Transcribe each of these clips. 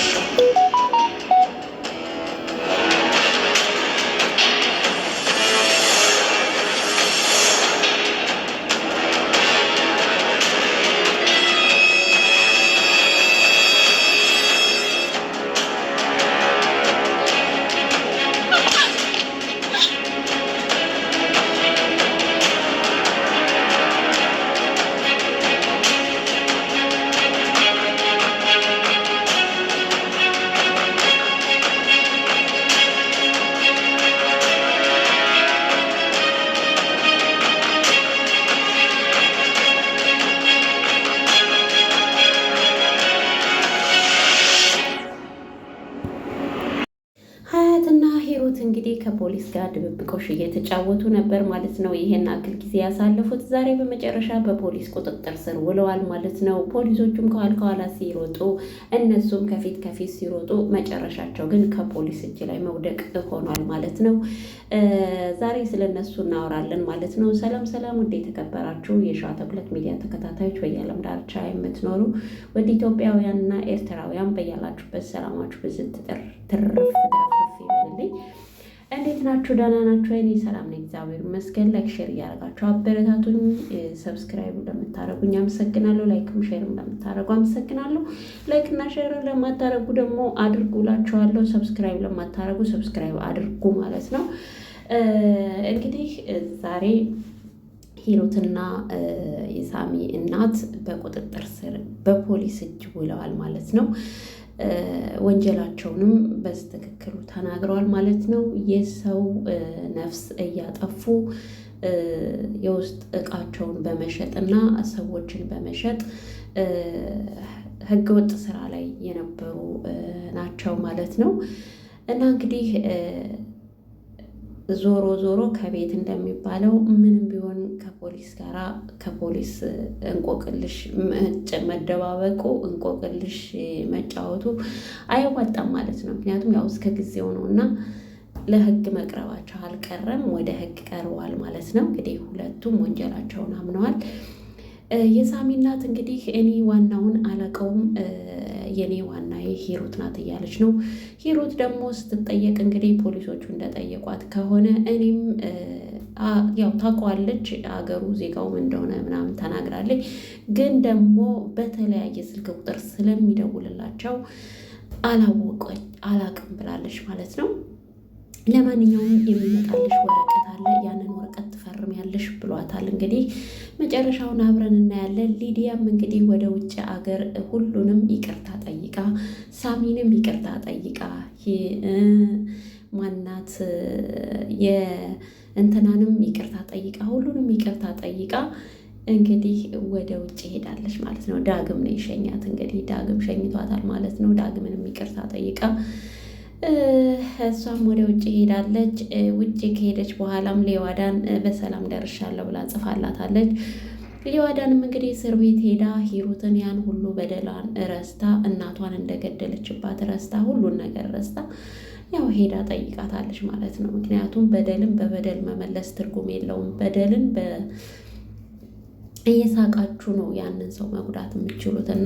Thank you. ሂሩት እንግዲህ ከፖሊስ ጋር ድብብቆሽ እየተጫወቱ ነበር ማለት ነው። ይሄን አክል ጊዜ ያሳለፉት ዛሬ በመጨረሻ በፖሊስ ቁጥጥር ስር ውለዋል ማለት ነው። ፖሊሶቹም ከኋላ ከኋላ ሲሮጡ፣ እነሱም ከፊት ከፊት ሲሮጡ፣ መጨረሻቸው ግን ከፖሊስ እጅ ላይ መውደቅ ሆኗል ማለት ነው። ዛሬ ስለ እነሱ እናወራለን ማለት ነው። ሰላም ሰላም፣ ውድ የተከበራችሁ የሸዋ ተጉለት ሚዲያ ተከታታዮች በየዓለም ዳርቻ የምትኖሩ ወደ ኢትዮጵያውያንና ኤርትራውያን በያላችሁበት ሰላማችሁ ብዝት ትርፍ ይሆንልኝ። እንዴት ናችሁ? ደህና ናችሁ? እኔ ሰላም ነኝ፣ እግዚአብሔር ይመስገን። ላይክ ሼር እያደረጋችሁ አበረታቱኝ። ሰብስክራይብ እንደምታደረጉኝ አመሰግናለሁ። ላይክም ሼር እንደምታደረጉ አመሰግናለሁ። ላይክ እና ሼር ለማታደረጉ ደግሞ አድርጉ ላችኋለሁ። ሰብስክራይብ ለማታደረጉ ሰብስክራይብ አድርጉ ማለት ነው። እንግዲህ ዛሬ ሂሩትና የሳሚ እናት በቁጥጥር ስር በፖሊስ እጅ ውለዋል ማለት ነው። ወንጀላቸውንም በዚህ ትክክሉ ተናግረዋል ማለት ነው። የሰው ነፍስ እያጠፉ የውስጥ እቃቸውን በመሸጥ እና ሰዎችን በመሸጥ ህገወጥ ስራ ላይ የነበሩ ናቸው ማለት ነው እና እንግዲህ ዞሮ ዞሮ ከቤት እንደሚባለው ምንም ቢሆን ከፖሊስ ጋራ ከፖሊስ እንቆቅልሽ መደባበቁ እንቆቅልሽ መጫወቱ አይዋጣም ማለት ነው። ምክንያቱም ያው እስከ ጊዜው ነው እና ለህግ መቅረባቸው አልቀረም፣ ወደ ህግ ቀርበዋል ማለት ነው። እንግዲህ ሁለቱም ወንጀላቸውን አምነዋል። የሳሚ እናት እንግዲህ እኔ ዋናውን አለቀውም የኔ ዋና ሂሩት ናት እያለች ነው። ሂሩት ደግሞ ስትጠየቅ እንግዲህ ፖሊሶቹ እንደጠየቋት ከሆነ እኔም ያው ታውቀዋለች አገሩ ዜጋውም እንደሆነ ምናምን ተናግራለች። ግን ደግሞ በተለያየ ስልክ ቁጥር ስለሚደውልላቸው አላወቀ አላቅም ብላለች ማለት ነው። ለማንኛውም የሚመጣልሽ ወረቀት አለ፣ ያንን ወረቀት ትፈርሚያለሽ ብሏታል። እንግዲህ መጨረሻውን አብረን እናያለን። ሊዲያም እንግዲህ ወደ ውጭ አገር ሁሉንም ይቅርታ ጠይቃ ሳሚንም ይቅርታ ጠይቃ ማናት የእንትናንም ይቅርታ ጠይቃ ሁሉንም ይቅርታ ጠይቃ እንግዲህ ወደ ውጭ ሄዳለች ማለት ነው። ዳግም ነው የሸኛት። እንግዲህ ዳግም ሸኝቷታል ማለት ነው። ዳግምንም ይቅርታ ጠይቃ ከእሷም ወደ ውጭ ሄዳለች። ውጭ ከሄደች በኋላም ሌዋዳን በሰላም ደርሻለሁ ብላ ጽፋላታለች። ሌዋዳንም እንግዲህ እስር ቤት ሄዳ ሂሩትን ያን ሁሉ በደሏን ረስታ እናቷን እንደገደለችባት ረስታ ሁሉን ነገር ረስታ ያው ሄዳ ጠይቃታለች ማለት ነው። ምክንያቱም በደልን በበደል መመለስ ትርጉም የለውም። በደልን እየሳቃችሁ ነው ያንን ሰው መጉዳት የምችሉት እና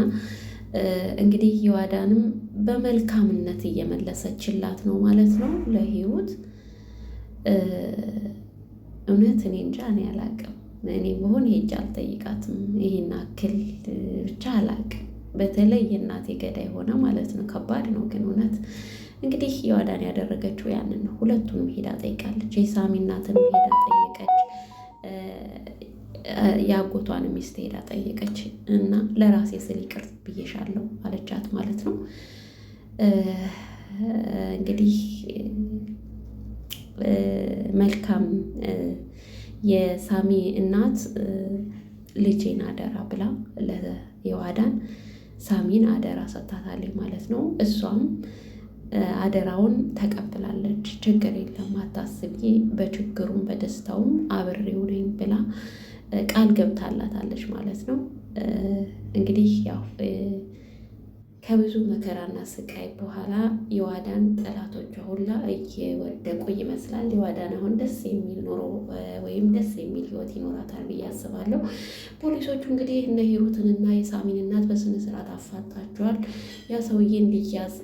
እንግዲህ የዋዳንም በመልካምነት እየመለሰችላት ነው ማለት ነው ለህይወት። እውነት እኔ እንጃ እኔ አላቅም። እኔ በሆን ሄጅ አልጠይቃትም። ይህን አክል ብቻ አላቅም። በተለይ የእናቴ ገዳይ ሆነ ማለት ነው። ከባድ ነው ግን እውነት እንግዲህ የዋዳን ያደረገችው ያንን ነው። ሁለቱንም ሄዳ ጠይቃለች። የሳሚ እናትን ሄዳ ጠየቀች። የአጎቷን ሚስት ሄዳ ጠየቀች እና ለራሴ ስል ይቅር ብዬሻለሁ አለቻት ማለት ነው። እንግዲህ መልካም የሳሚ እናት ልጄን አደራ ብላ ለየዋዳን ሳሚን አደራ ሰጥታታለች ማለት ነው። እሷም አደራውን ተቀብላለች። ችግር የለም አታስቢ፣ በችግሩም በደስታውም አብሬው ነኝ ብላ ቃል ገብታላታለች ማለት ነው። እንግዲህ ያው ከብዙ መከራና ስቃይ በኋላ የዋዳን ጠላቶቿ ሁላ እየወደቁ ይመስላል። የዋዳን አሁን ደስ የሚል ኑሮ ወይም ደስ የሚል ህይወት ይኖራታል ብዬ አስባለሁ። ፖሊሶቹ እንግዲህ እነ ሂሩትንና የሳሚን እናት በስነ ስርዓት አፋጣቸዋል። ያ ሰውዬ እንዲያዝ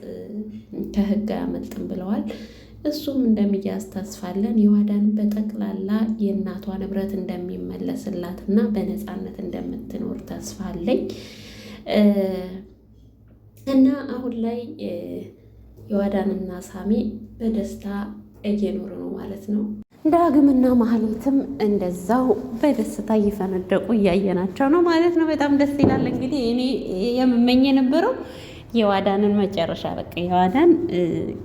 ከህግ አያመልጥም ብለዋል። እሱም እንደሚያዝ ተስፋለን የዋዳን በጠቅላላ የእናቷ ንብረት እንደሚመለስላት እና በነፃነት እንደምትኖር ተስፋለኝ። እና አሁን ላይ የዋዳንና ሳሚ በደስታ እየኖሩ ነው ማለት ነው። ዳግምና ማህሌትም እንደዛው በደስታ እየፈነደቁ እያየናቸው ነው ማለት ነው። በጣም ደስ ይላል። እንግዲህ እኔ የምመኝ የነበረው የዋዳንን መጨረሻ በቃ የዋዳን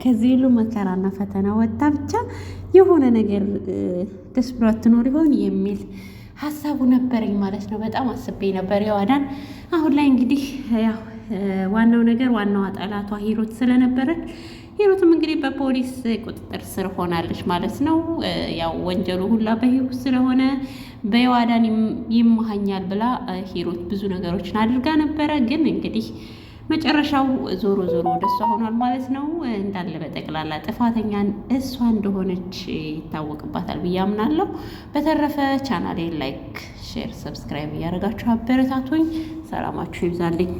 ከዚህ ሁሉ መከራና ፈተና ወጣ ብቻ የሆነ ነገር ደስ ብሏት ትኖር ይሆን የሚል ሀሳቡ ነበረኝ ማለት ነው። በጣም አስቤ ነበር የዋዳን አሁን ላይ እንግዲህ ያው ዋናው ነገር ዋናዋ ጠላቷ ሂሮት ስለነበረች ሂሮትም እንግዲህ በፖሊስ ቁጥጥር ስር ሆናለች ማለት ነው። ያው ወንጀሉ ሁላ በሂሮት ስለሆነ በየዋዳን ይመሀኛል ብላ ሂሮት ብዙ ነገሮችን አድርጋ ነበረ ግን እንግዲህ መጨረሻው ዞሮ ዞሮ ወደ እሷ ሆኗል ማለት ነው። እንዳለ በጠቅላላ ጥፋተኛን እሷ እንደሆነች ይታወቅባታል ብዬ አምናለሁ። በተረፈ ቻናሌ ላይክ፣ ሼር፣ ሰብስክራይብ እያደረጋችሁ አበረታቱኝ። ሰላማችሁ ይብዛልኝ።